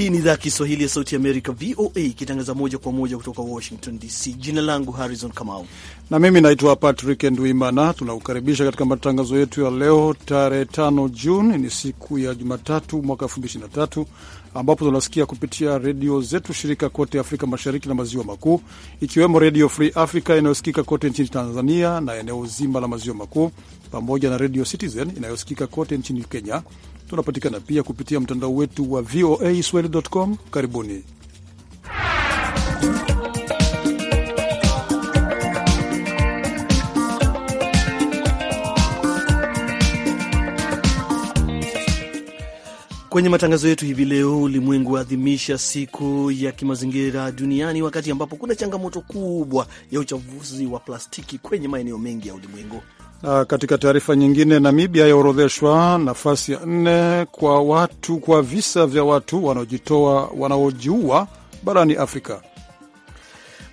Hii ni idhaa Kiswahili ya Sauti Amerika, VOA, ikitangaza moja kwa moja kutoka Washington DC. Jina langu Harrison Kamau na mimi naitwa Patrick Nduimana. Tunakukaribisha katika matangazo yetu ya leo tarehe 5 Juni, ni siku ya Jumatatu mwaka 2023 ambapo tunasikia kupitia redio zetu shirika kote Afrika Mashariki na Maziwa Makuu, ikiwemo Redio Free Africa inayosikika kote nchini Tanzania na eneo zima la Maziwa Makuu, pamoja na Redio Citizen inayosikika kote nchini Kenya Tunapatikana pia kupitia mtandao wetu wa VOA swahili.com. Karibuni. Kwenye matangazo yetu hivi leo, ulimwengu waadhimisha siku ya kimazingira duniani, wakati ambapo kuna changamoto kubwa ya uchafuzi wa plastiki kwenye maeneo mengi ya ulimwengu. Na ah, katika taarifa nyingine, Namibia yaorodheshwa nafasi ya nne kwa watu kwa visa vya watu wanaojitoa wanaojiua barani Afrika.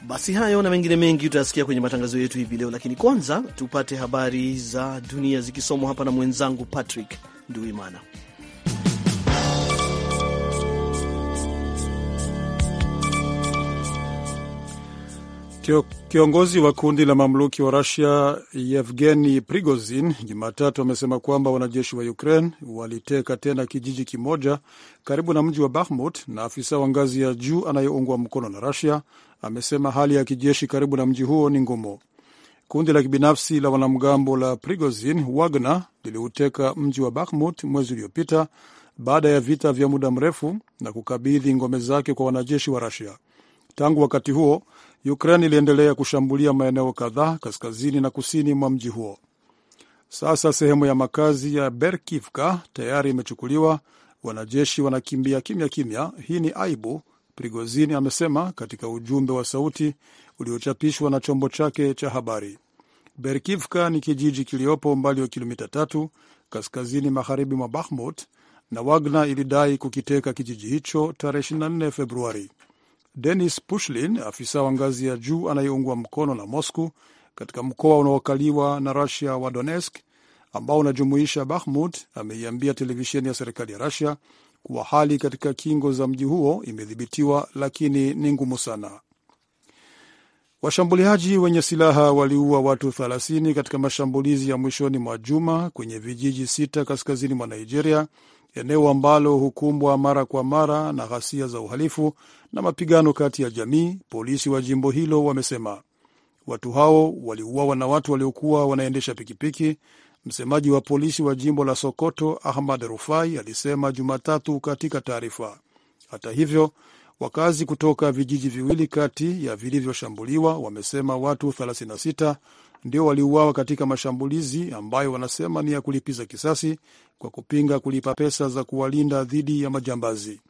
Basi hayo na mengine mengi utayasikia kwenye matangazo yetu hivi leo, lakini kwanza tupate habari za dunia zikisomwa hapa na mwenzangu Patrick Nduimana. Kiongozi wa kundi la mamluki wa Rusia Yevgeni Prigozin Jumatatu amesema kwamba wanajeshi wa Ukraine waliteka tena kijiji kimoja karibu na mji wa Bahmut, na afisa wa ngazi ya juu anayeungwa mkono na Rusia amesema hali ya kijeshi karibu na mji huo ni ngumu. Kundi la kibinafsi la wanamgambo la Prigozin Wagner liliuteka mji wa Bahmut mwezi uliopita baada ya vita vya muda mrefu na kukabidhi ngome zake kwa wanajeshi wa Rusia. Tangu wakati huo Ukraine iliendelea kushambulia maeneo kadhaa kaskazini na kusini mwa mji huo. Sasa sehemu ya makazi ya Berkivka tayari imechukuliwa, wanajeshi wanakimbia kimya kimya. Hii ni aibu, Prigozini amesema katika ujumbe wa sauti uliochapishwa na chombo chake cha habari. Berkivka ni kijiji kiliopo umbali wa kilomita tatu kaskazini magharibi mwa Bahmut na Wagner ilidai kukiteka kijiji hicho tarehe 24 Februari. Denis Pushlin, afisa wa ngazi ya juu anayeungwa mkono na Moscow katika mkoa unaokaliwa na Rusia wa Donetsk ambao unajumuisha Bakhmut, ameiambia televisheni ya serikali ya Rusia kuwa hali katika kingo za mji huo imedhibitiwa, lakini ni ngumu sana. Washambuliaji wenye silaha waliua watu 30 katika mashambulizi ya mwishoni mwa juma kwenye vijiji sita kaskazini mwa Nigeria eneo ambalo hukumbwa mara kwa mara na ghasia za uhalifu na mapigano kati ya jamii, polisi wa jimbo hilo wamesema. Watu hao waliuawa na watu waliokuwa wanaendesha pikipiki. Msemaji wa polisi wa jimbo la Sokoto, Ahmad Rufai, alisema Jumatatu katika taarifa. Hata hivyo, wakazi kutoka vijiji viwili kati ya vilivyoshambuliwa wamesema watu ndio waliuawa katika mashambulizi ambayo wanasema ni ya kulipiza kisasi kwa kupinga kulipa pesa za kuwalinda dhidi ya majambazi.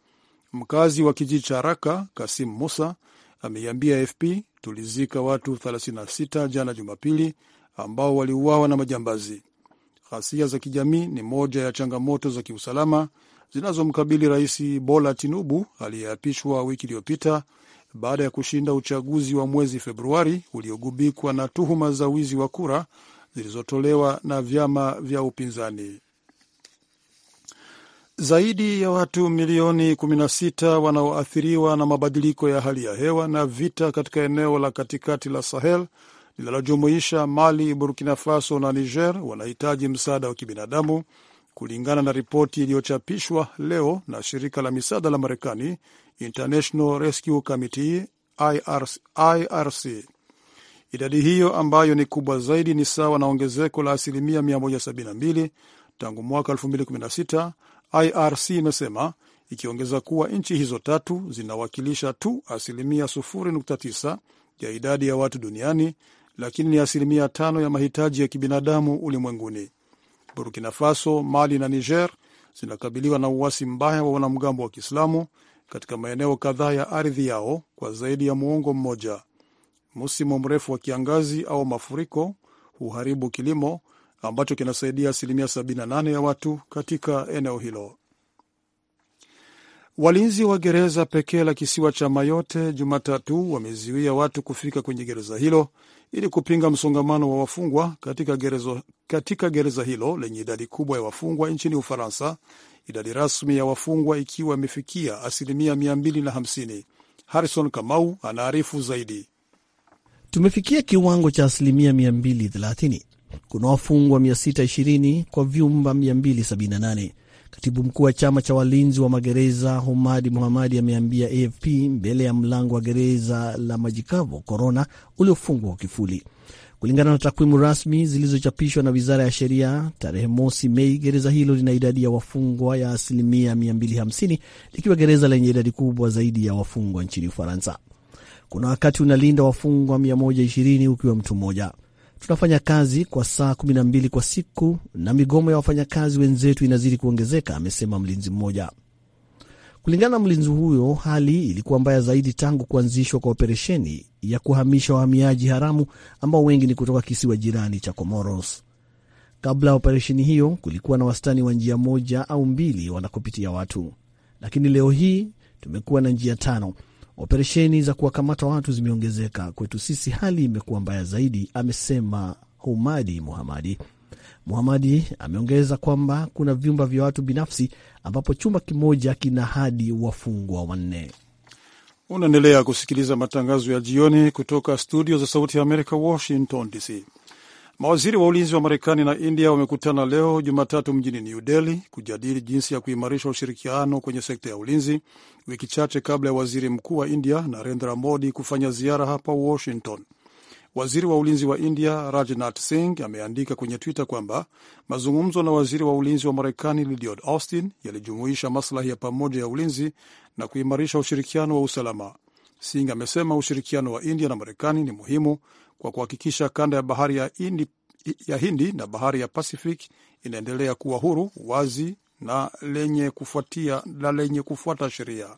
Mkazi wa kijiji cha Raka, Kasim Musa, ameiambia AFP, tulizika watu 36 jana Jumapili ambao waliuawa na majambazi. Ghasia za kijamii ni moja ya changamoto za kiusalama zinazomkabili Rais Bola Tinubu aliyeapishwa wiki iliyopita baada ya kushinda uchaguzi wa mwezi Februari uliogubikwa na tuhuma za wizi wa kura zilizotolewa na vyama vya upinzani. Zaidi ya watu milioni 16 wanaoathiriwa na mabadiliko ya hali ya hewa na vita katika eneo la katikati la Sahel linalojumuisha Mali, Burkina Faso na Niger wanahitaji msaada wa kibinadamu kulingana na ripoti iliyochapishwa leo na shirika la misaada la Marekani International Rescue Committee IRC, IRC. Idadi hiyo ambayo ni kubwa zaidi ni sawa na ongezeko la asilimia 172 tangu mwaka 2016, IRC imesema ikiongeza kuwa nchi hizo tatu zinawakilisha tu asilimia 0.9 ya idadi ya watu duniani, lakini ni asilimia tano ya mahitaji ya kibinadamu ulimwenguni. Burkina Faso, Mali na Niger zinakabiliwa na uasi mbaya wa wanamgambo wa Kiislamu katika maeneo kadhaa ya ardhi yao kwa zaidi ya muongo mmoja. Msimu mrefu wa kiangazi au mafuriko huharibu kilimo ambacho kinasaidia asilimia 78 ya watu katika eneo hilo. Walinzi wa gereza pekee la kisiwa cha mayote Jumatatu wamezuia watu kufika kwenye gereza hilo ili kupinga msongamano wa wafungwa katika, gerezo, katika gereza hilo lenye idadi kubwa ya wafungwa nchini Ufaransa, idadi rasmi ya wafungwa ikiwa imefikia asilimia 250. Harrison Kamau anaarifu zaidi. Tumefikia kiwango cha asilimia 230. Kuna wafungwa 620 kwa vyumba 278. Katibu mkuu wa chama cha walinzi wa magereza Homadi muhamadi ameambia AFP mbele ya mlango wa gereza la Majikavo corona uliofungwa kwa kifuli Kulingana na takwimu rasmi zilizochapishwa na wizara ya sheria tarehe mosi Mei, gereza hilo lina idadi ya wafungwa ya asilimia 250 likiwa gereza lenye idadi kubwa zaidi ya wafungwa nchini Ufaransa. Kuna wakati unalinda wafungwa 120 ukiwa mtu mmoja. Tunafanya kazi kwa saa 12 kwa siku na migomo ya wafanyakazi wenzetu inazidi kuongezeka, amesema mlinzi mmoja. Kulingana na mlinzi huyo, hali ilikuwa mbaya zaidi tangu kuanzishwa kwa operesheni ya kuhamisha wahamiaji haramu ambao wengi ni kutoka kisiwa jirani cha Comoros. Kabla ya operesheni hiyo, kulikuwa na wastani wa njia moja au mbili wanakopitia watu, lakini leo hii tumekuwa na njia tano. Operesheni za kuwakamata watu zimeongezeka. Kwetu sisi hali imekuwa mbaya zaidi, amesema Humadi Muhamadi. Muhamadi ameongeza kwamba kuna vyumba vya watu binafsi ambapo chumba kimoja kina hadi wafungwa wanne. Unaendelea kusikiliza matangazo ya jioni kutoka studio za Sauti ya Amerika, Washington DC. Mawaziri wa ulinzi wa Marekani na India wamekutana leo Jumatatu mjini New Delhi kujadili jinsi ya kuimarisha ushirikiano kwenye sekta ya ulinzi, wiki chache kabla ya waziri mkuu wa India Narendra Modi kufanya ziara hapa Washington. Waziri wa ulinzi wa India Rajnath Singh ameandika kwenye Twitter kwamba mazungumzo na waziri wa ulinzi wa Marekani Lloyd Austin yalijumuisha maslahi ya pamoja ya ulinzi na kuimarisha ushirikiano wa usalama. Singh amesema ushirikiano wa India na Marekani ni muhimu kwa kuhakikisha kanda ya bahari ya Hindi, ya Hindi na bahari ya Pacific inaendelea kuwa huru, wazi na lenye kufuatia na lenye kufuata sheria.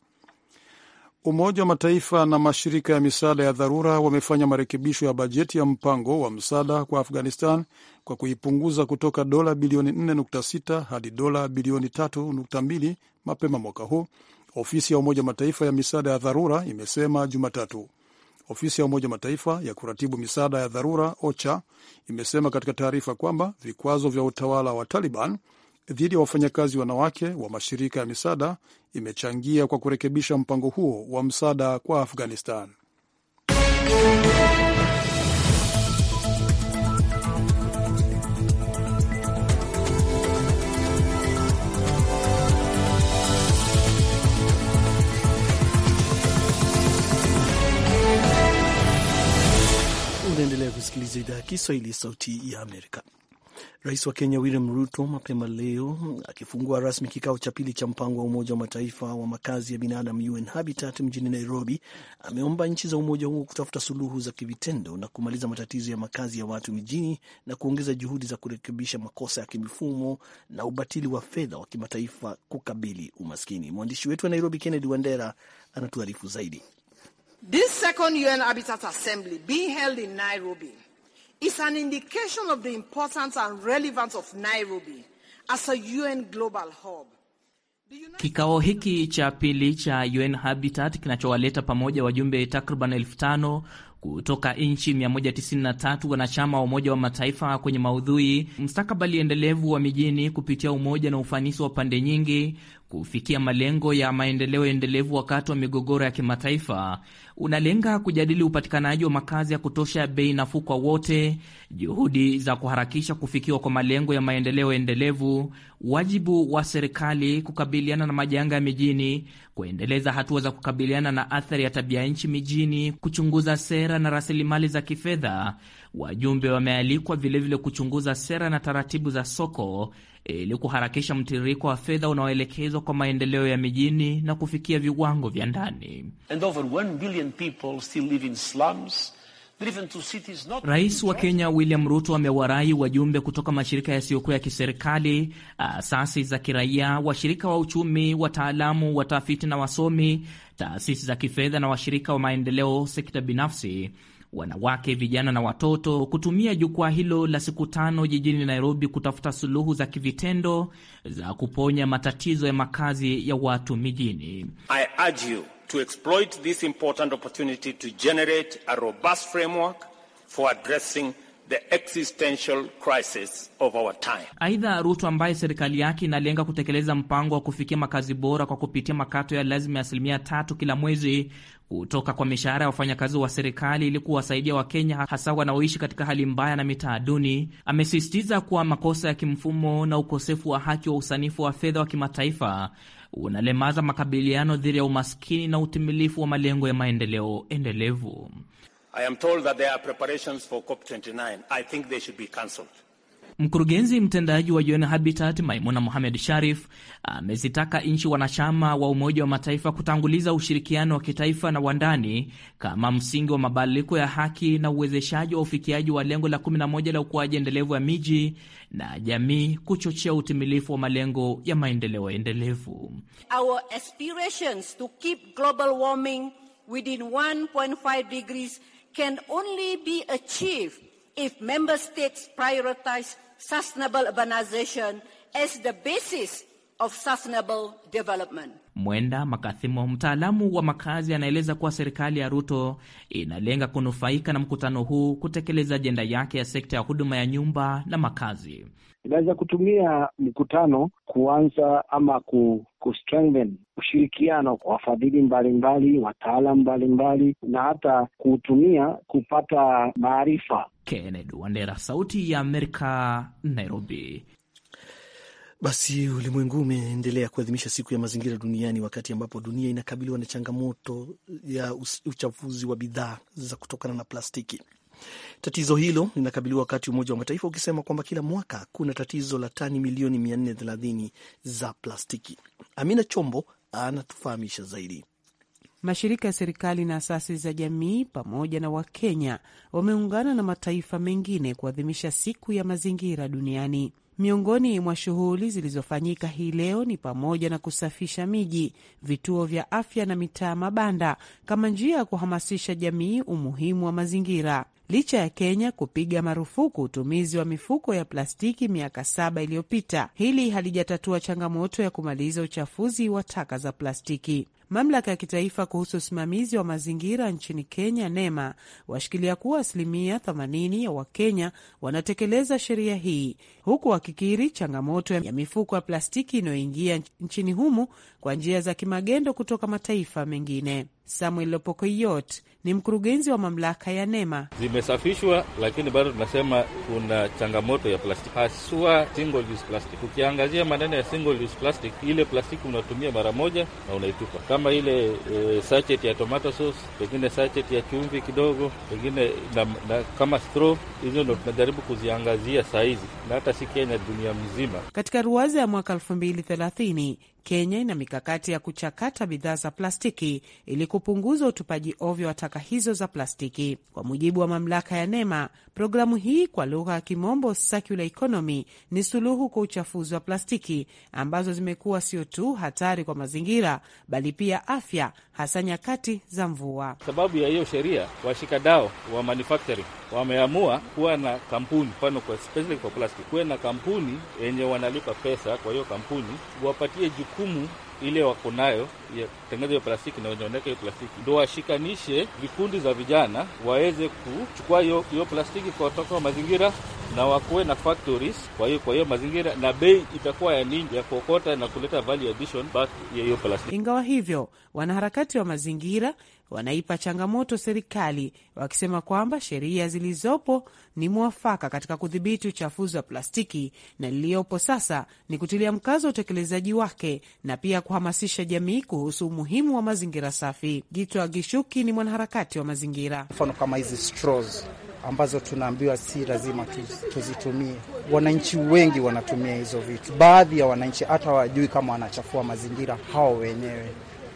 Umoja wa Mataifa na mashirika ya misaada ya dharura wamefanya marekebisho ya bajeti ya mpango wa msaada kwa Afghanistan kwa kuipunguza kutoka dola bilioni 4.6 hadi dola bilioni 3.2 mapema mwaka huu, ofisi ya Umoja Mataifa ya misaada ya dharura imesema Jumatatu. Ofisi ya Umoja Mataifa ya kuratibu misaada ya dharura OCHA imesema katika taarifa kwamba vikwazo vya utawala wa Taliban dhidi ya wafanyakazi wanawake wa mashirika ya misaada imechangia kwa kurekebisha mpango huo wa msaada kwa Afghanistan. Unaendelea kusikiliza idhaa ya Kiswahili ya Sauti ya Amerika. Rais wa Kenya William Ruto mapema leo akifungua rasmi kikao cha pili cha mpango wa Umoja wa Mataifa wa makazi ya binadamu UN Habitat mjini Nairobi, ameomba nchi za umoja huo kutafuta suluhu za kivitendo na kumaliza matatizo ya makazi ya watu mijini na kuongeza juhudi za kurekebisha makosa ya kimifumo na ubatili wa fedha wa kimataifa kukabili umaskini. Mwandishi wetu wa Nairobi Kennedy Wandera anatuarifu zaidi. This second UN Habitat Assembly being held in Nairobi is an indication of the importance and relevance of Nairobi as a UN global hub. Kikao hiki cha pili cha UN Habitat kinachowaleta pamoja wajumbe takriban elfu tano kutoka nchi 193 wanachama wa Umoja wa Mataifa kwenye maudhui mstakabali endelevu wa mijini kupitia umoja na ufanisi wa pande nyingi kufikia malengo ya maendeleo endelevu wakati wa migogoro ya kimataifa unalenga kujadili upatikanaji wa makazi ya kutosha ya bei nafuu kwa wote, juhudi za kuharakisha kufikiwa kwa malengo ya maendeleo endelevu, wajibu wa serikali kukabiliana na majanga ya mijini, kuendeleza hatua za kukabiliana na athari ya tabia nchi mijini, kuchunguza sera na rasilimali za kifedha Wajumbe wamealikwa vilevile kuchunguza sera na taratibu za soko ili kuharakisha mtiririko wa fedha unaoelekezwa kwa maendeleo ya mijini na kufikia viwango vya ndani. Rais wa Kenya William Ruto amewarai wajumbe kutoka mashirika yasiyokuwa ya kiserikali, asasi za kiraia, washirika wa uchumi, wataalamu, watafiti na wasomi, taasisi za kifedha na washirika wa maendeleo, sekta binafsi wanawake, vijana na watoto kutumia jukwaa hilo la siku tano jijini Nairobi kutafuta suluhu za kivitendo za kuponya matatizo ya makazi ya watu mijini. I urge you to exploit this important opportunity to generate a robust framework for addressing the existential crisis of our time. Aidha, Ruto ambaye serikali yake inalenga kutekeleza mpango wa kufikia makazi bora kwa kupitia makato ya lazima ya asilimia tatu kila mwezi kutoka kwa mishahara ya wafanyakazi wa serikali ili kuwasaidia Wakenya hasa wanaoishi katika hali mbaya na mitaa duni, amesisitiza kuwa makosa ya kimfumo na ukosefu wa haki wa usanifu wa fedha wa kimataifa unalemaza makabiliano dhidi ya umaskini na utimilifu wa malengo ya maendeleo endelevu. I am told that there are preparations for COP29. I think they should be cancelled. Mkurugenzi mtendaji wa UN Habitat Maimuna Mohamed Sharif amezitaka nchi wanachama wa Umoja wa Mataifa kutanguliza ushirikiano wa kitaifa na wandani kama msingi wa mabadiliko ya haki na uwezeshaji wa ufikiaji wa lengo la 11 la ukuaji endelevu ya miji na jamii, kuchochea utimilifu wa malengo ya maendeleo endelevu. Our aspirations to keep global warming within 1.5 degrees can only be achieved if member states prioritize sustainable urbanization as the basis of sustainable development. Mwenda Makathimo, mtaalamu wa makazi, anaeleza kuwa serikali ya Ruto inalenga kunufaika na mkutano huu kutekeleza ajenda yake ya sekta ya huduma ya nyumba na makazi. Inaweza kutumia mkutano kuanza ama ku kustrengthen ushirikiano kwa wafadhili mbalimbali, wataalam mbalimbali na hata kuutumia kupata maarifa. Kennedy Wandera, Sauti ya Amerika, Nairobi. Basi ulimwengu umeendelea kuadhimisha siku ya mazingira duniani wakati ambapo dunia inakabiliwa na changamoto ya uchafuzi wa bidhaa za kutokana na plastiki. Tatizo hilo linakabiliwa wakati Umoja wa Mataifa ukisema kwamba kila mwaka kuna tatizo la tani milioni 430 za plastiki. Amina Chombo anatufahamisha zaidi. Mashirika ya serikali na asasi za jamii pamoja na Wakenya wameungana na mataifa mengine kuadhimisha siku ya mazingira duniani. Miongoni mwa shughuli zilizofanyika hii leo ni pamoja na kusafisha miji, vituo vya afya na mitaa mabanda kama njia ya kuhamasisha jamii umuhimu wa mazingira licha ya Kenya kupiga marufuku utumizi wa mifuko ya plastiki miaka saba iliyopita, hili halijatatua changamoto ya kumaliza uchafuzi wa taka za plastiki. Mamlaka ya kitaifa kuhusu usimamizi wa mazingira nchini Kenya, NEMA, washikilia kuwa asilimia 80 ya Wakenya wanatekeleza sheria hii, huku wakikiri changamoto ya mifuko ya plastiki inayoingia nchini humu kwa njia za kimagendo kutoka mataifa mengine. Samuel opokoyot ni mkurugenzi wa mamlaka ya NEMA. Zimesafishwa, lakini bado tunasema kuna changamoto ya plastiki, haswa single use plastic. maneno ya single use plastic, ile plastiki unatumia mara moja na unaitupa, kama ile e, sachet ya tomato sauce, pengine sachet ya chumvi kidogo, pengine na, na, kama straw. Hizo ndo tunajaribu kuziangazia saa hizi na hata si Kenya, dunia mzima. Katika ruwaza ya mwaka elfu mbili thelathini Kenya ina mikakati ya kuchakata bidhaa za plastiki ili kupunguza utupaji ovyo wa taka hizo za plastiki. Kwa mujibu wa mamlaka ya NEMA, programu hii kwa lugha ya kimombo circular economy ni suluhu kwa uchafuzi wa plastiki ambazo zimekuwa sio tu hatari kwa mazingira, bali pia afya hasa nyakati za mvua. Sababu ya hiyo sheria, washikadao wa manufacturing wameamua kuwa na kampuni, mfano kwa especially kwa plastiki, kuwe na kampuni yenye wanalipa pesa. Kwa hiyo kampuni wapatie jukumu ile wako nayo ya hiyo plastiki na wenyeoneka hiyo plastiki, ndo washikanishe vikundi za vijana waweze kuchukua hiyo plastiki kwa kutoka wa mazingira na wakuwe na factories kwa hiyo kwa hiyo mazingira, na bei itakuwa ya nini ya kuokota na kuleta value addition back ya hiyo plastiki. Ingawa hivyo, wanaharakati wa mazingira wanaipa changamoto serikali wakisema kwamba sheria zilizopo ni mwafaka katika kudhibiti uchafuzi wa plastiki na liliyopo sasa ni kutilia mkazo wa utekelezaji wake na pia kuhamasisha jamii kuhusu umuhimu wa mazingira safi. Gitwa Gishuki ni mwanaharakati wa mazingira. Mfano kama hizi straws ambazo tunaambiwa si lazima tuzitumie. Wananchi wengi wanatumia hizo vitu. Baadhi ya wananchi hata hawajui kama wanachafua mazingira hao wenyewe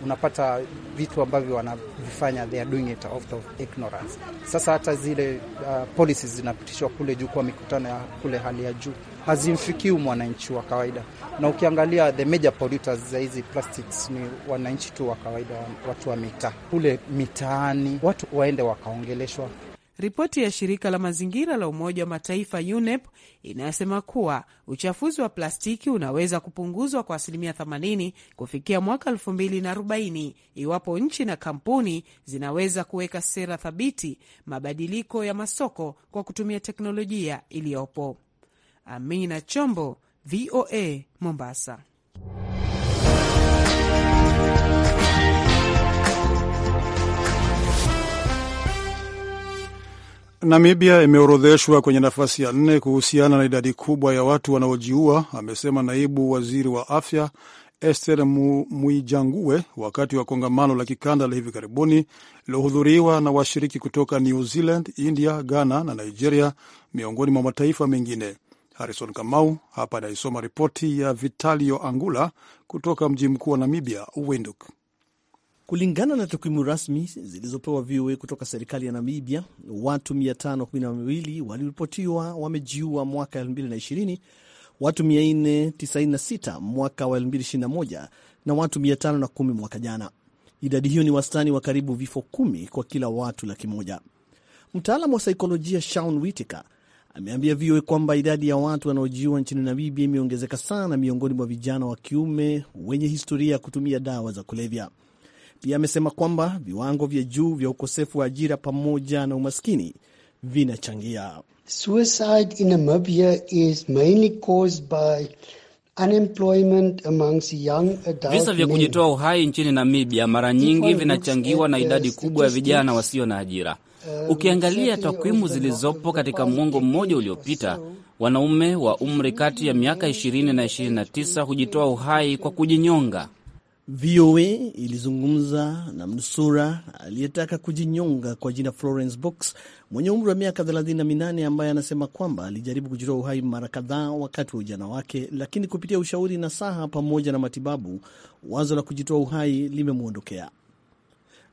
unapata vitu ambavyo wanavifanya, they are doing it out of ignorance. Sasa hata zile uh, policies zinapitishwa kule juu kwa mikutano ya kule hali ya juu hazimfikii mwananchi wa kawaida, na ukiangalia the major polluters za hizi plastics ni wananchi tu wa kawaida, watu wa mitaa kule mitaani, watu waende wakaongeleshwa Ripoti ya shirika la mazingira la Umoja wa Mataifa UNEP inayosema kuwa uchafuzi wa plastiki unaweza kupunguzwa kwa asilimia 80 kufikia mwaka 2040 iwapo nchi na kampuni zinaweza kuweka sera thabiti, mabadiliko ya masoko kwa kutumia teknolojia iliyopo. Amina Chombo, VOA, Mombasa. Namibia imeorodheshwa kwenye nafasi ya nne kuhusiana na idadi kubwa ya watu wanaojiua, amesema naibu waziri wa afya Esther Mwijangue wakati wa kongamano la kikanda la hivi karibuni lilohudhuriwa na washiriki kutoka New Zealand, India, Ghana na Nigeria, miongoni mwa mataifa mengine. Harrison Kamau hapa anaisoma ripoti ya Vitalio Angula kutoka mji mkuu wa Namibia, Windhoek. Kulingana na takwimu rasmi zilizopewa VOA kutoka serikali ya Namibia, watu 512 waliripotiwa wamejiua mwaka 2020, watu 496 mwaka wa 2021 na watu 510 mwaka jana. Idadi hiyo ni wastani wa karibu vifo kumi kwa kila watu laki moja. Mtaalamu wa saikolojia Shaun Whitaker ameambia VOA kwamba idadi ya watu wanaojiua nchini Namibia imeongezeka sana miongoni mwa vijana wa kiume wenye historia ya kutumia dawa za kulevya. Pia amesema kwamba viwango vya juu vya ukosefu wa ajira pamoja na umaskini vinachangia. Suicide in Namibia is mainly caused by unemployment amongst young adult. Visa vya kujitoa uhai nchini Namibia mara nyingi vinachangiwa na idadi kubwa ya vijana wasio na ajira. Uh, Ukiangalia takwimu zilizopo katika mwongo mmoja uliopita, wanaume wa umri kati ya miaka 20 na 29 hujitoa uhai kwa kujinyonga. VOA ilizungumza na mnusura aliyetaka kujinyonga kwa jina Florence Box mwenye umri wa miaka 38 ambaye anasema kwamba alijaribu kujitoa uhai mara kadhaa wakati wa ujana wake, lakini kupitia ushauri na saha pamoja na matibabu, wazo la kujitoa uhai limemwondokea.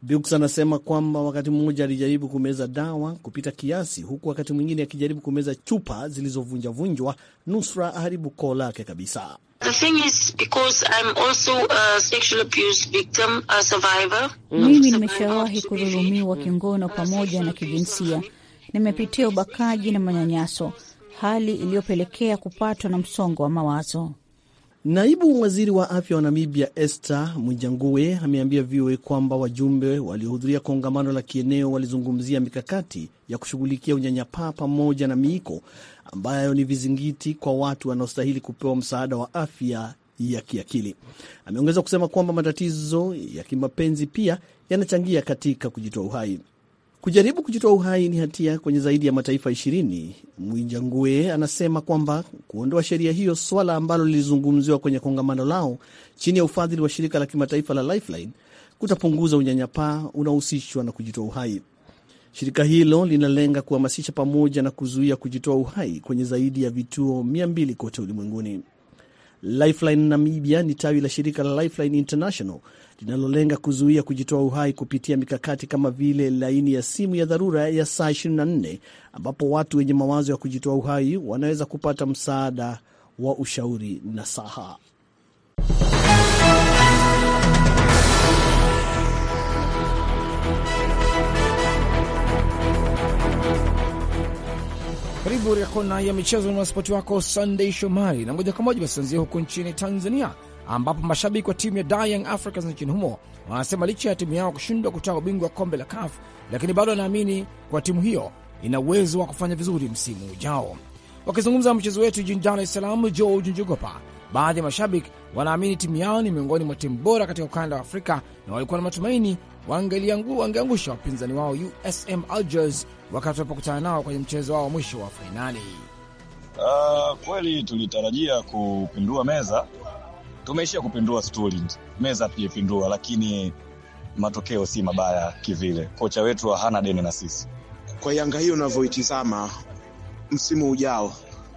Bux anasema kwamba wakati mmoja alijaribu kumeza dawa kupita kiasi, huku wakati mwingine akijaribu kumeza chupa zilizovunjavunjwa, nusra aharibu koo lake kabisa. The thing is because I'm also a sexual abuse victim, a survivor. Mimi nimeshawahi kudhulumiwa kingono pamoja na kijinsia. Nimepitia ubakaji na manyanyaso, hali iliyopelekea kupatwa na msongo wa mawazo. Naibu waziri wa afya wa Namibia Esther mwijangue ameambia VOA kwamba wajumbe waliohudhuria kongamano la kieneo walizungumzia mikakati ya kushughulikia unyanyapaa pamoja na miiko ambayo ni vizingiti kwa watu wanaostahili kupewa msaada wa afya ya kiakili. Ameongeza kusema kwamba matatizo ya kimapenzi pia yanachangia katika kujitoa uhai. Kujaribu kujitoa uhai ni hatia kwenye zaidi ya mataifa ishirini. Mwinjangue anasema kwamba kuondoa sheria hiyo, swala ambalo lilizungumziwa kwenye kongamano lao chini ya ufadhili wa shirika la kimataifa la Lifeline, kutapunguza unyanyapaa unaohusishwa na kujitoa uhai. Shirika hilo linalenga kuhamasisha pamoja na kuzuia kujitoa uhai kwenye zaidi ya vituo 200 kote ulimwenguni. Lifeline Namibia ni tawi la shirika la Lifeline International linalolenga kuzuia kujitoa uhai kupitia mikakati kama vile laini ya simu ya dharura ya saa 24 ambapo watu wenye mawazo ya kujitoa uhai wanaweza kupata msaada wa ushauri na saha. Karibu katika kona ya michezo na mwanaspoti wako Sunday Shomari, na moja kwa moja basi tuanzia huko nchini Tanzania ambapo mashabiki wa timu ya Young Africans nchini humo wanasema licha ya timu yao kushindwa kutoa ubingwa wa kombe la CAF, lakini bado wanaamini kwa timu hiyo ina uwezo wa kufanya vizuri msimu ujao. Wakizungumza na mchezo wetu jijini Dar es Salaam, George Njogopa Baadhi ya mashabiki wanaamini timu yao ni miongoni mwa timu bora katika ukanda wa Afrika na walikuwa na matumaini wangeangusha wapinzani wao USM Algiers wakati walipokutana nao kwenye mchezo wao wa mwisho wa fainali. Uh, kweli tulitarajia kupindua meza, tumeishia kupindua stuli, meza tujepindua, lakini matokeo si mabaya kivile. Kocha wetu hana deni na sisi. Kwa Yanga hiyo unavyoitizama msimu ujao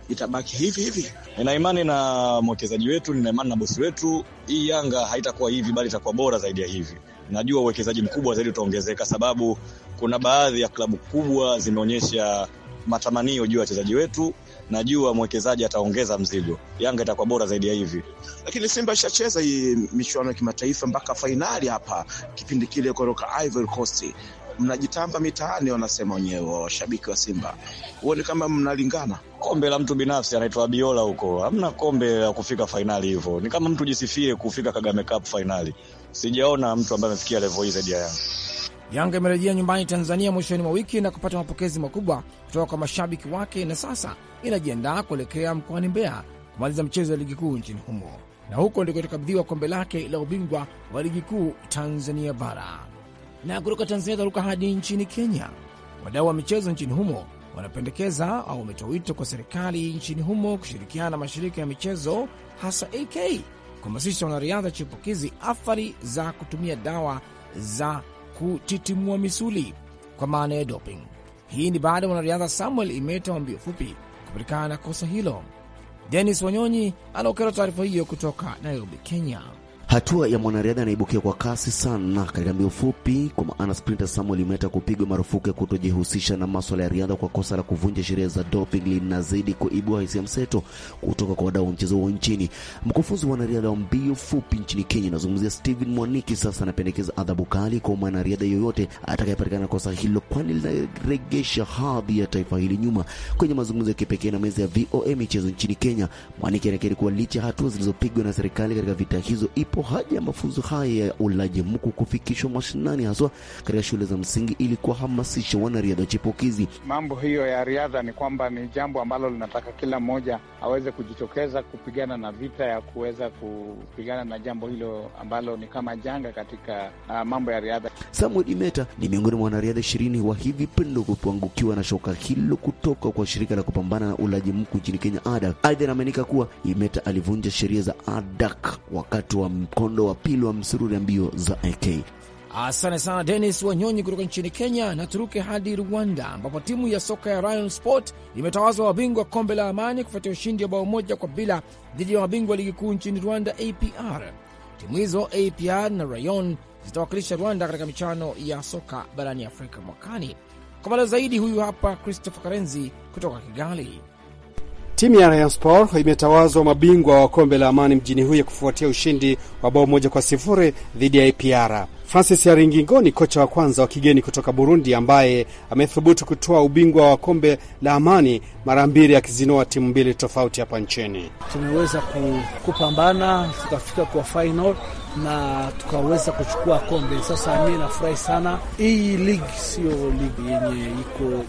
itabaki hivi hivi. Nina imani na mwekezaji wetu, nina imani na bosi wetu. Hii Yanga haitakuwa hivi, bali itakuwa bora zaidi ya hivi. Najua uwekezaji mkubwa zaidi utaongezeka, sababu kuna baadhi ya klabu kubwa zimeonyesha matamanio juu ya wachezaji wetu. Najua mwekezaji ataongeza mzigo, Yanga itakuwa bora zaidi ya hivi. Lakini Simba ishacheza hii michuano ya kimataifa mpaka fainali hapa, kipindi kile kutoka Ivory Coast mnajitamba mitaani, wanasema wenyewe washabiki wa Simba. Huo ni kama mnalingana kombe la mtu binafsi, anaitwa Biola huko. Hamna kombe la kufika fainali hivyo, ni kama mtu jisifie kufika Kagame Cup fainali. Sijaona mtu ambaye amefikia levo hii zaidi ya Yanga. Yanga imerejea nyumbani Tanzania mwishoni mwa wiki na kupata mapokezi makubwa kutoka kwa mashabiki wake, na sasa inajiandaa kuelekea mkoani Mbeya kumaliza mchezo wa ligi kuu nchini humo, na huko ndiko itakabidhiwa kombe lake la ubingwa wa ligi kuu Tanzania Bara. Na kutoka Tanzania taruka hadi nchini Kenya, wadau wa michezo nchini humo wanapendekeza au wametoa wito kwa serikali nchini humo kushirikiana na mashirika ya michezo hasa AK kuhamasisha wanariadha chipukizi athari za kutumia dawa za kutitimua misuli kwa maana ya doping. Hii ni baada ya mwanariadha Samuel Imeta wa mbio fupi kupatikana na kosa hilo. Denis Wanyonyi anaokera taarifa hiyo kutoka Nairobi, Kenya. Hatua ya mwanariadha anaibukia kwa kasi sana katika mbio fupi, kwa maana sprinter Samuel Umeta kupigwa marufuku ya kutojihusisha na maswala ya riadha kwa kosa la kuvunja sheria za doping linazidi kuibua hisia mseto kutoka kwa wadau wa mchezo huo nchini. Mkufunzi wa wanariadha wa mbio fupi nchini Kenya, anazungumzia Steven Mwaniki, sasa anapendekeza adhabu kali kwa mwanariadha yoyote atakayepatikana kosa hilo, kwani linaregesha hadhi ya taifa hili nyuma. Kwenye mazungumzo ya kipekee na meza ya VOA michezo nchini Kenya, Mwaniki anakiri kuwa licha ya hatua zilizopigwa na serikali katika vita hizo, ipo haja ya mafunzo haya ya ulaji mku kufikishwa mashinani, haswa katika shule za msingi ili kuwahamasisha wanariadha chipukizi. Mambo hiyo ya riadha ni kwamba ni jambo ambalo linataka kila mmoja aweze kujitokeza kupigana na vita ya kuweza kupigana na jambo hilo ambalo ni kama janga katika uh, mambo ya riadha. Samuel Imeta ni miongoni mwa wanariadha ishirini wa hivi pendo kupangukiwa na shoka hilo kutoka kwa shirika la kupambana na ulaji mku nchini Kenya, ADAK. Aidha, inaaminika kuwa Imeta alivunja sheria za ADAK wakati wa mkondo wa pili wa msururi ya mbio za AK. Asante sana Denis Wanyonyi kutoka nchini Kenya. Na turuke hadi Rwanda, ambapo timu ya soka ya Rayon Sport imetawazwa wabingwa kombe la Amani kufuatia ushindi wa bao moja kwa bila dhidi ya mabingwa ligi kuu nchini Rwanda, APR. Timu hizo APR na Rayon zitawakilisha Rwanda katika michano ya soka barani Afrika mwakani. Kwa maelezo zaidi, huyu hapa Christopher Karenzi kutoka Kigali. Timu ya Rayon Sport imetawazwa mabingwa wa kombe la Amani mjini huye kufuatia ushindi wa bao moja kwa sifuri dhidi ya APR. Francis Yaringingo ni kocha wa kwanza wa kigeni kutoka Burundi ambaye amethubutu kutoa ubingwa wa kombe la Amani mara mbili akizinoa timu mbili tofauti hapa nchini. Tumeweza kupambana tukafika kwa final na tukaweza kuchukua kombe. Sasa mi nafurahi sana. Hii ligi siyo ligi yenye iko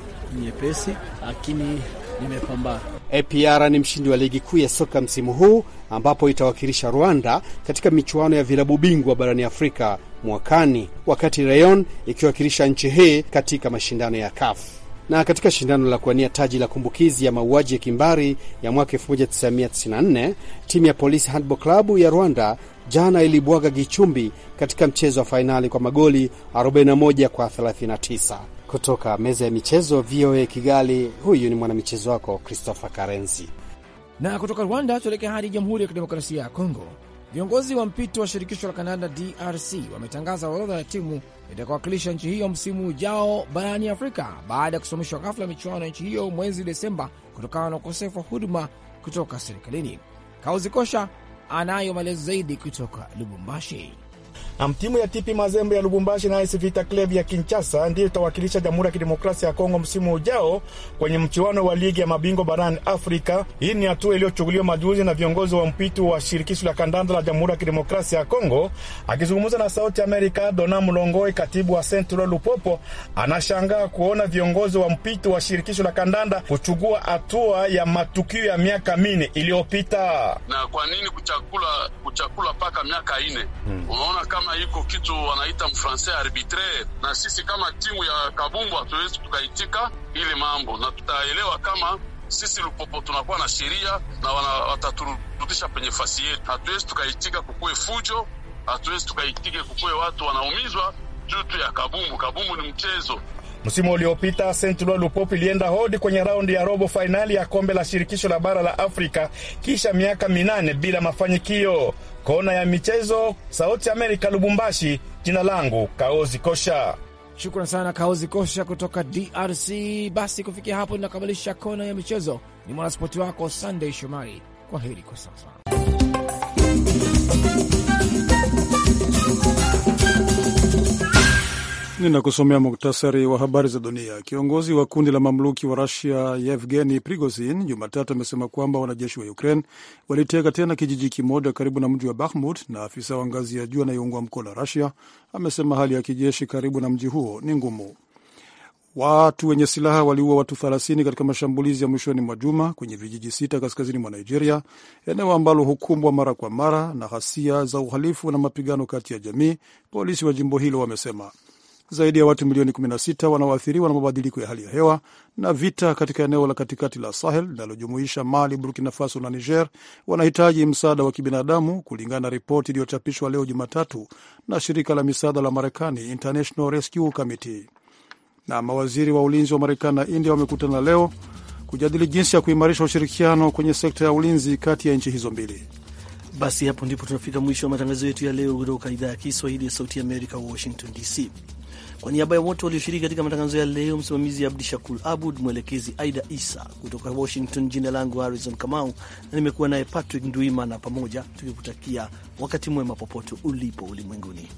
nyepesi, lakini nimepambana APR ni mshindi wa ligi kuu ya soka msimu huu ambapo itawakilisha Rwanda katika michuano ya vilabu bingwa barani Afrika mwakani, wakati Rayon ikiwakilisha nchi hii katika mashindano ya kafu na katika shindano la kuwania taji la kumbukizi ya mauaji ya kimbari ya mwaka 1994 timu ya Polisi Handball Club ya Rwanda jana ilibwaga Gichumbi katika mchezo wa fainali kwa magoli 41 kwa 39. Kutoka meza ya michezo VOA Kigali, huyu ni mwanamichezo wako Christopher Karenzi. Na kutoka Rwanda tuelekea hadi Jamhuri ya Kidemokrasia ya Kongo Viongozi wa mpito wa shirikisho la Kanada DRC wametangaza orodha ya timu itakawakilisha nchi hiyo msimu ujao barani Afrika baada ya kusimamishwa ghafla michuano ya nchi hiyo mwezi Desemba kutokana na ukosefu wa huduma kutoka serikalini. Kauzi Kosha anayo maelezo zaidi kutoka Lubumbashi. Um, timu ya TP Mazembe ya Lubumbashi na AS Vita Club ya Kinshasa ndiyo itawakilisha Jamhuri ya Kidemokrasia ya Kongo msimu ujao kwenye mchuano wa ligi ya mabingwa barani Afrika. Hii ni hatua iliyochukuliwa majuzi na viongozi wa mpito wa shirikisho la kandanda la Jamhuri ya Kidemokrasia ya Kongo. Akizungumza na Sauti Amerika, Dona Mlongoi, katibu wa Central Lupopo, anashangaa kuona viongozi wa mpito wa shirikisho la kandanda kuchukua hatua ya matukio ya miaka minne iliyopita. Na kwa nini kuchakula kuchakula paka miaka ine? Hmm. Unaona kama kama iko kitu wanaita mfrancais arbitraire, na sisi kama timu ya Kabumbu hatuwezi tukaitika ile mambo, na tutaelewa kama sisi Lupopo tunakuwa na sheria na wataturudisha penye fasi yetu. Hatuwezi tukaitika kukue fujo, hatuwezi tukaitike kukue watu wanaumizwa juu tu ya Kabumbu. Kabumbu ni mchezo Msimu uliopita St Eloi Lupopo ilienda hodi kwenye raundi ya robo fainali ya kombe la shirikisho la bara la Afrika kisha miaka minane bila mafanikio. Kona ya michezo, Sauti Amerika, Lubumbashi. Jina langu Kaozi Kosha. Shukran sana Kaozi Kosha kutoka DRC. Basi kufikia hapo inakamilisha kona ya michezo. Ni mwanaspoti wako sandey Shomari. Kwa heri kwa sasa. Ninakusomea muktasari wa habari za dunia. Kiongozi wa kundi la mamluki wa Rusia Yevgeni Prigozin Jumatatu amesema kwamba wanajeshi wa Ukraine waliteka tena kijiji kimoja karibu na mji wa Bakhmut, na afisa wa ngazi ya juu anayeungwa mkono Rusia amesema hali ya kijeshi karibu na mji huo ni ngumu. Watu wenye silaha waliua watu 30 katika mashambulizi ya mwishoni mwa juma kwenye vijiji sita kaskazini mwa Nigeria, eneo ambalo hukumbwa mara kwa mara na ghasia za uhalifu na mapigano kati ya jamii, polisi wa jimbo hilo wamesema. Zaidi ya watu milioni 16 wanaoathiriwa na mabadiliko ya hali ya hewa na vita katika eneo la katikati la Sahel linalojumuisha Mali, Burkina Faso na Niger wanahitaji msaada wa kibinadamu, kulingana na ripoti iliyochapishwa leo Jumatatu na shirika la misaada la Marekani, International Rescue Committee. Na mawaziri wa ulinzi wa Marekani na India wamekutana leo kujadili jinsi ya kuimarisha ushirikiano kwenye sekta ya ulinzi kati ya nchi hizo mbili. Basi hapo ndipo tunafika mwisho wa matangazo yetu ya leo kutoka idhaa ya Kiswahili ya Sauti ya Amerika, Washington DC. Kwa niaba ya wote walioshiriki katika matangazo ya leo, msimamizi Abdi Shakur Abud, mwelekezi Aida Isa kutoka Washington. Jina langu Harrison Kamau na nimekuwa naye Patrick Ndwima, na pamoja tukikutakia wakati mwema popote ulipo ulimwenguni.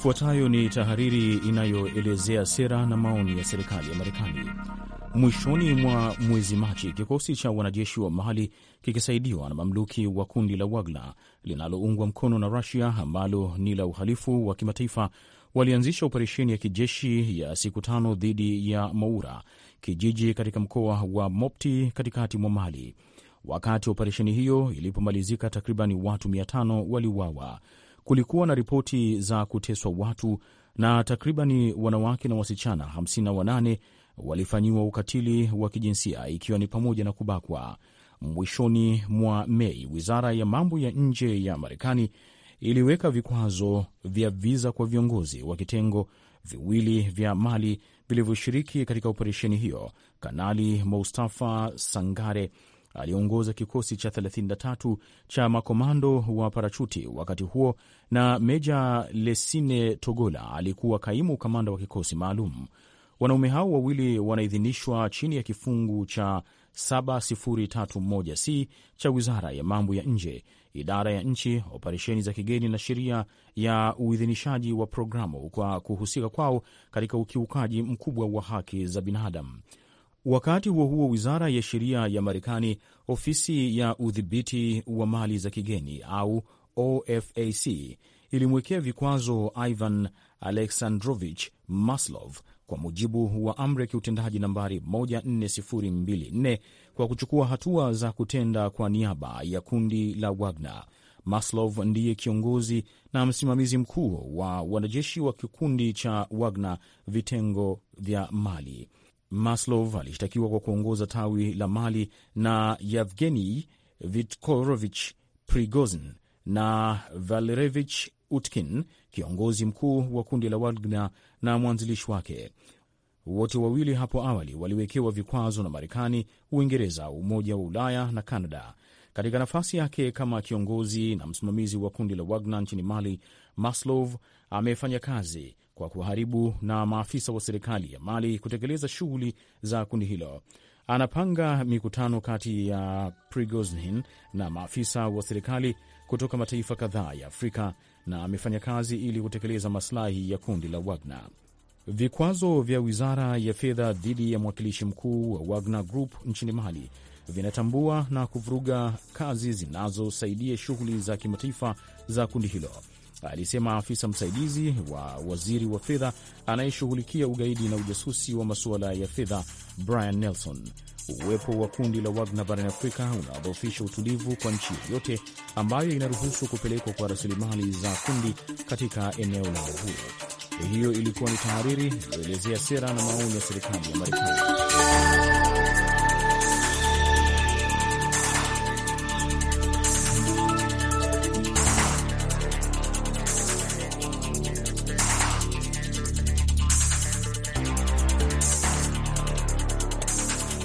Ifuatayo ni tahariri inayoelezea sera na maoni ya serikali ya Marekani. Mwishoni mwa mwezi Machi, kikosi cha wanajeshi wa Mali kikisaidiwa na mamluki wa kundi la Wagner linaloungwa mkono na Rusia ambalo ni la uhalifu wa kimataifa walianzisha operesheni ya kijeshi ya siku tano dhidi ya Moura, kijiji katika mkoa wa Mopti katikati mwa Mali. Wakati operesheni hiyo ilipomalizika, takriban watu 500 waliuawa kulikuwa na ripoti za kuteswa watu na takribani wanawake na wasichana 58 walifanyiwa ukatili wa kijinsia ikiwa ni pamoja na kubakwa. Mwishoni mwa Mei, wizara ya mambo ya nje ya Marekani iliweka vikwazo vya viza kwa viongozi wa kitengo viwili vya Mali vilivyoshiriki katika operesheni hiyo. Kanali Mustafa Sangare aliongoza kikosi cha 33 cha makomando wa parachuti wakati huo, na Meja Lesine Togola alikuwa kaimu kamanda wa kikosi maalum. Wanaume hao wawili wanaidhinishwa chini ya kifungu cha 7031C cha Wizara ya Mambo ya Nje, Idara ya Nchi, Operesheni za Kigeni na Sheria ya Uidhinishaji wa Programu kwa kuhusika kwao katika ukiukaji mkubwa wa haki za binadamu. Wakati huo huo, wizara ya sheria ya Marekani, ofisi ya udhibiti wa mali za kigeni au OFAC, ilimwekea vikwazo Ivan Aleksandrovich Maslov kwa mujibu wa amri ya kiutendaji nambari 14024 kwa kuchukua hatua za kutenda kwa niaba ya kundi la Wagner. Maslov ndiye kiongozi na msimamizi mkuu wa wanajeshi wa kikundi cha Wagner vitengo vya Mali. Maslov alishtakiwa kwa kuongoza tawi la Mali na Yevgeni Vitkorovich Prigozin na Valerevich Utkin, kiongozi mkuu wa kundi la Wagner na mwanzilishi wake. Wote wawili hapo awali waliwekewa vikwazo na Marekani, Uingereza, Umoja wa Ulaya na Kanada. Katika nafasi yake kama kiongozi na msimamizi wa kundi la Wagner nchini Mali, Maslov amefanya kazi kwa kuharibu na maafisa wa serikali ya Mali kutekeleza shughuli za kundi hilo. Anapanga mikutano kati ya Prigozhin na maafisa wa serikali kutoka mataifa kadhaa ya Afrika na amefanya kazi ili kutekeleza masilahi ya kundi la Wagner. Vikwazo vya wizara ya fedha dhidi ya mwakilishi mkuu wa Wagner Group nchini Mali vinatambua na kuvuruga kazi zinazosaidia shughuli za kimataifa za kundi hilo alisema afisa msaidizi wa waziri wa fedha anayeshughulikia ugaidi na ujasusi wa masuala ya fedha Brian Nelson. Uwepo wa kundi la Wagner barani Afrika unadhoofisha utulivu kwa nchi yoyote ambayo inaruhusu kupelekwa kwa rasilimali za kundi katika eneo la uhuru. Hiyo ilikuwa ni tahariri iliyoelezea sera na maoni ya serikali ya Marekani.